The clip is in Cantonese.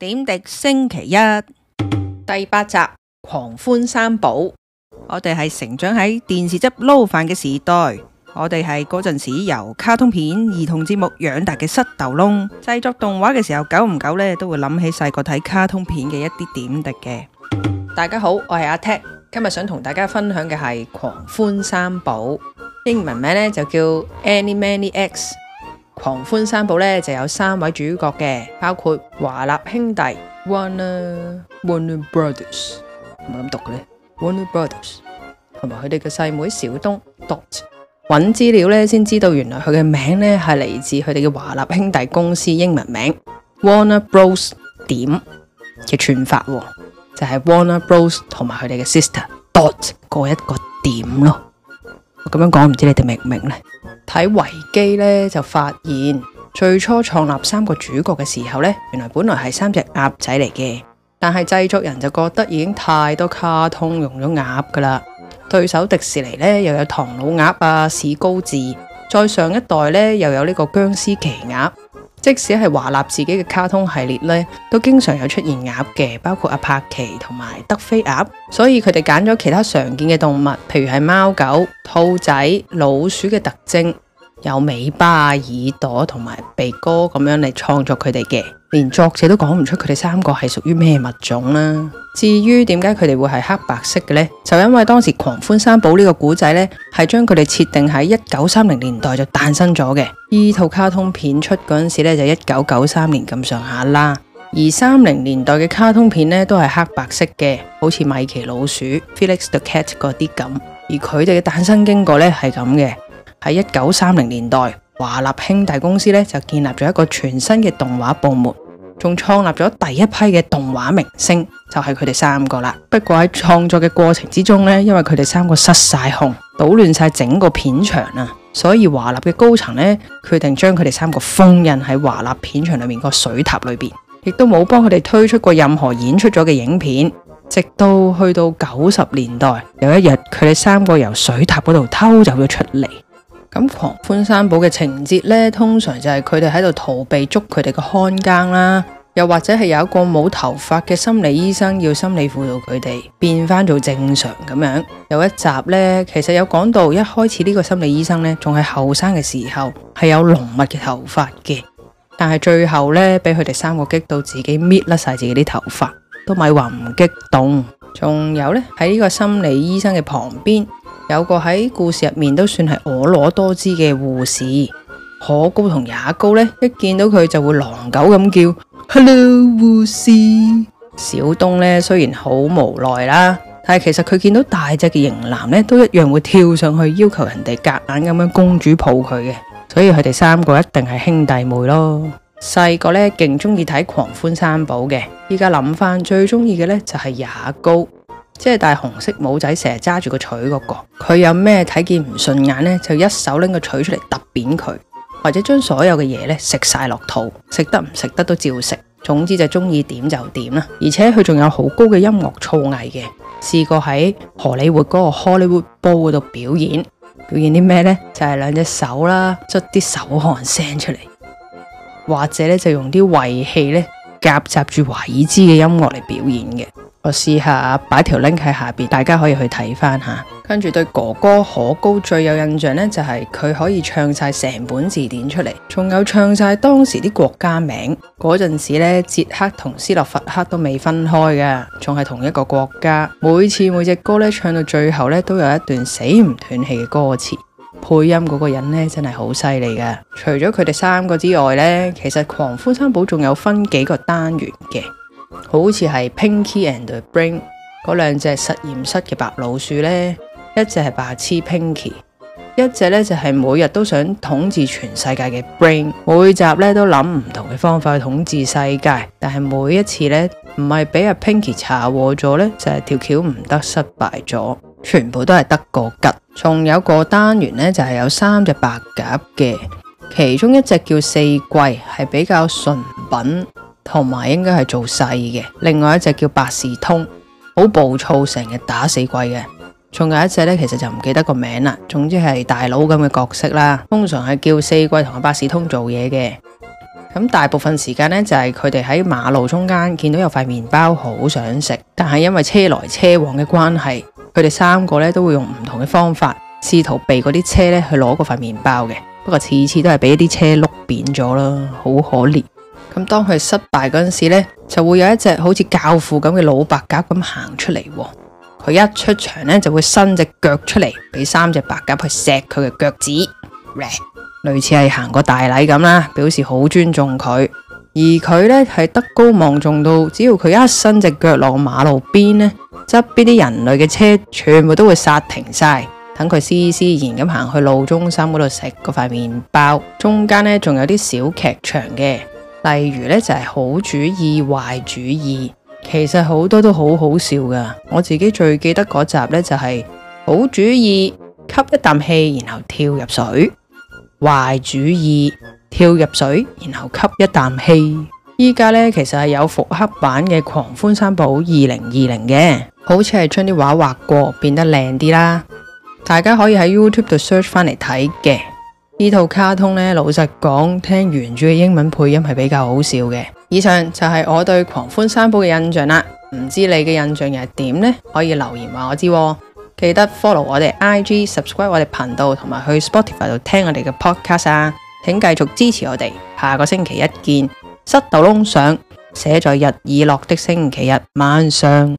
點滴星期一第八集《狂歡三寶》，我哋係成長喺電視汁撈飯嘅時代，我哋係嗰陣時由卡通片、兒童節目養大嘅膝頭窿。製作動畫嘅時候，久唔久呢都會諗起細個睇卡通片嘅一啲點滴嘅。大家好，我係阿 Tek，今日想同大家分享嘅係《狂歡三寶》，英文名呢，就叫《Animaniacs》。《狂歡三部咧》就有三位主角嘅，包括華納兄弟 Warner, （Warner Brothers） 係咪咁讀嘅咧？Warner Brothers 同埋佢哋嘅細妹小東 （Dot）。搵資料咧先知道，原來佢嘅名咧係嚟自佢哋嘅華納兄弟公司英文名 （Warner Bros.） 點嘅串法，就係、是、Warner Bros. 同埋佢哋嘅 sister Dot 一個點咯。我咁樣講，唔知你哋明唔明咧？睇維基呢，就發現，最初創立三個主角嘅時候呢，原來本來係三隻鴨仔嚟嘅。但係製作人就覺得已經太多卡通用咗鴨㗎喇。對手迪士尼呢，又有唐老鴨啊、史高治，再上一代呢，又有呢個僵屍奇鴨。即使係華納自己嘅卡通系列呢，都經常有出現鴨嘅，包括阿帕奇同埋德菲鴨。所以佢哋揀咗其他常見嘅動物，譬如係貓狗、兔仔、老鼠嘅特徵。有尾巴、耳朵同埋鼻哥咁樣嚟創作佢哋嘅，連作者都講唔出佢哋三個係屬於咩物種啦。至於點解佢哋會係黑白色嘅呢？就因為當時《狂歡三寶》呢個故仔咧，係將佢哋設定喺一九三零年代就誕生咗嘅。呢套卡通片出嗰陣時呢，就一九九三年咁上下啦。而三零年代嘅卡通片咧，都係黑白色嘅，好似米奇老鼠、Felix the Cat 嗰啲咁。而佢哋嘅誕生經過咧，係咁嘅。喺一九三零年代，華納兄弟公司呢就建立咗一個全新嘅動畫部門，仲創立咗第一批嘅動畫明星，就係佢哋三個啦。不過喺創作嘅過程之中呢，因為佢哋三個失晒控，搗亂晒整個片場啊，所以華納嘅高層呢決定將佢哋三個封印喺華納片場裏面個水塔裏面，亦都冇幫佢哋推出過任何演出咗嘅影片。直到去到九十年代，有一日佢哋三個由水塔嗰度偷走咗出嚟。咁狂歡三寶嘅情節呢，通常就係佢哋喺度逃避捉佢哋嘅看更啦，又或者係有一個冇頭髮嘅心理醫生要心理輔導佢哋變翻做正常咁樣。有一集呢，其實有講到一開始呢個心理醫生呢，仲係後生嘅時候，係有濃密嘅頭髮嘅，但係最後呢，俾佢哋三個激到自己搣甩晒自己啲頭髮，都咪話唔激動。仲有呢，喺呢個心理醫生嘅旁邊。有個喺故事入面都算係婀娜多姿嘅護士，可高同雅高呢，一見到佢就會狼狗咁叫，hello 護士。小東呢雖然好無奈啦，但係其實佢見到大隻嘅型男呢，都一樣會跳上去要求人哋夾硬咁樣公主抱佢嘅，所以佢哋三個一定係兄弟妹咯。細個呢勁中意睇《狂歡三寶》嘅，依家諗翻最中意嘅呢，就係雅高。即係戴紅色帽仔，成日揸住個錘嗰個，佢有咩睇見唔順眼呢？就一手拎個錘出嚟揼扁佢，或者將所有嘅嘢呢食晒落肚，食得唔食得都照食。總之就中意點就點啦。而且佢仲有好高嘅音樂造詣嘅，試過喺荷里活嗰個 Hollywood Bowl 嗰度表演，表演啲咩呢？就係兩隻手啦，捽啲手汗聲出嚟，或者呢就用啲胃氣呢夾雜住華爾茲嘅音樂嚟表演嘅。我試下擺條 link 喺下面，大家可以去睇翻下。跟住對哥哥可高最有印象咧，就係、是、佢可以唱晒成本字典出嚟，仲有唱晒當時啲國家名。嗰陣時咧，捷克同斯洛伐克都未分開嘅，仲係同一個國家。每次每隻歌咧唱到最後咧，都有一段死唔斷氣嘅歌詞。配音嗰個人咧真係好犀利㗎。除咗佢哋三個之外呢，其實《狂呼三寶》仲有分幾個單元嘅。好似係 Pinky and Brain 嗰兩隻實驗室嘅白老鼠呢，一隻係白痴 Pinky，一隻呢就係、是、每日都想統治全世界嘅 Brain。每集呢都諗唔同嘅方法去統治世界，但係每一次呢，唔係俾阿 Pinky 查獲咗呢，就係、是、條橋唔得失敗咗，全部都係得個吉。仲有個單元呢，就係、是、有三隻白鴿嘅，其中一隻叫四季，係比較純品。同埋應該係做細嘅，另外一隻叫百事通，好暴躁，成日打死鬼嘅。仲有一隻呢，其實就唔記得個名啦。總之係大佬咁嘅角色啦，通常係叫四季同阿百事通做嘢嘅。咁大部分時間呢，就係佢哋喺馬路中間見到有塊麵包，好想食，但係因為車來車往嘅關係，佢哋三個呢都會用唔同嘅方法試圖避嗰啲車呢去攞嗰塊麵包嘅。不過次次都係俾啲車碌扁咗啦，好可憐。咁當佢失敗嗰陣時咧，就會有一隻好似教父咁嘅老白鴿咁行出嚟。佢一出場咧，就會伸隻腳出嚟，俾三隻白鴿去錫佢嘅腳趾，Rap， 類似係行個大禮咁啦，表示好尊重佢。而佢咧係德高望重到，只要佢一伸隻腳落馬路邊咧，側邊啲人類嘅車全部都會剎停晒，等佢施施然咁行去路中心嗰度食嗰塊麵包。中間咧仲有啲小劇場嘅。例如咧就係好主意壞主意，其實好多都好好笑噶。我自己最記得嗰集咧就係好主意吸一啖氣然後跳入水，壞主意跳入水然後吸一啖氣。依家咧其實係有復刻版嘅《狂歡三寶二零二零》嘅，好似係將啲畫畫過變得靚啲啦。大家可以喺 YouTube 度 search 翻嚟睇嘅。呢套卡通呢，老實講，聽原著嘅英文配音係比較好笑嘅。以上就係我對狂歡三寶嘅印象啦，唔知道你嘅印象又係點咧？可以留言話我知。記得 follow 我哋 IG，subscribe 我哋頻道，同埋去 Spotify 度聽我哋嘅 podcast 啊！請繼續支持我哋，下個星期一見。失道窿相寫在日已落的星期日晚上。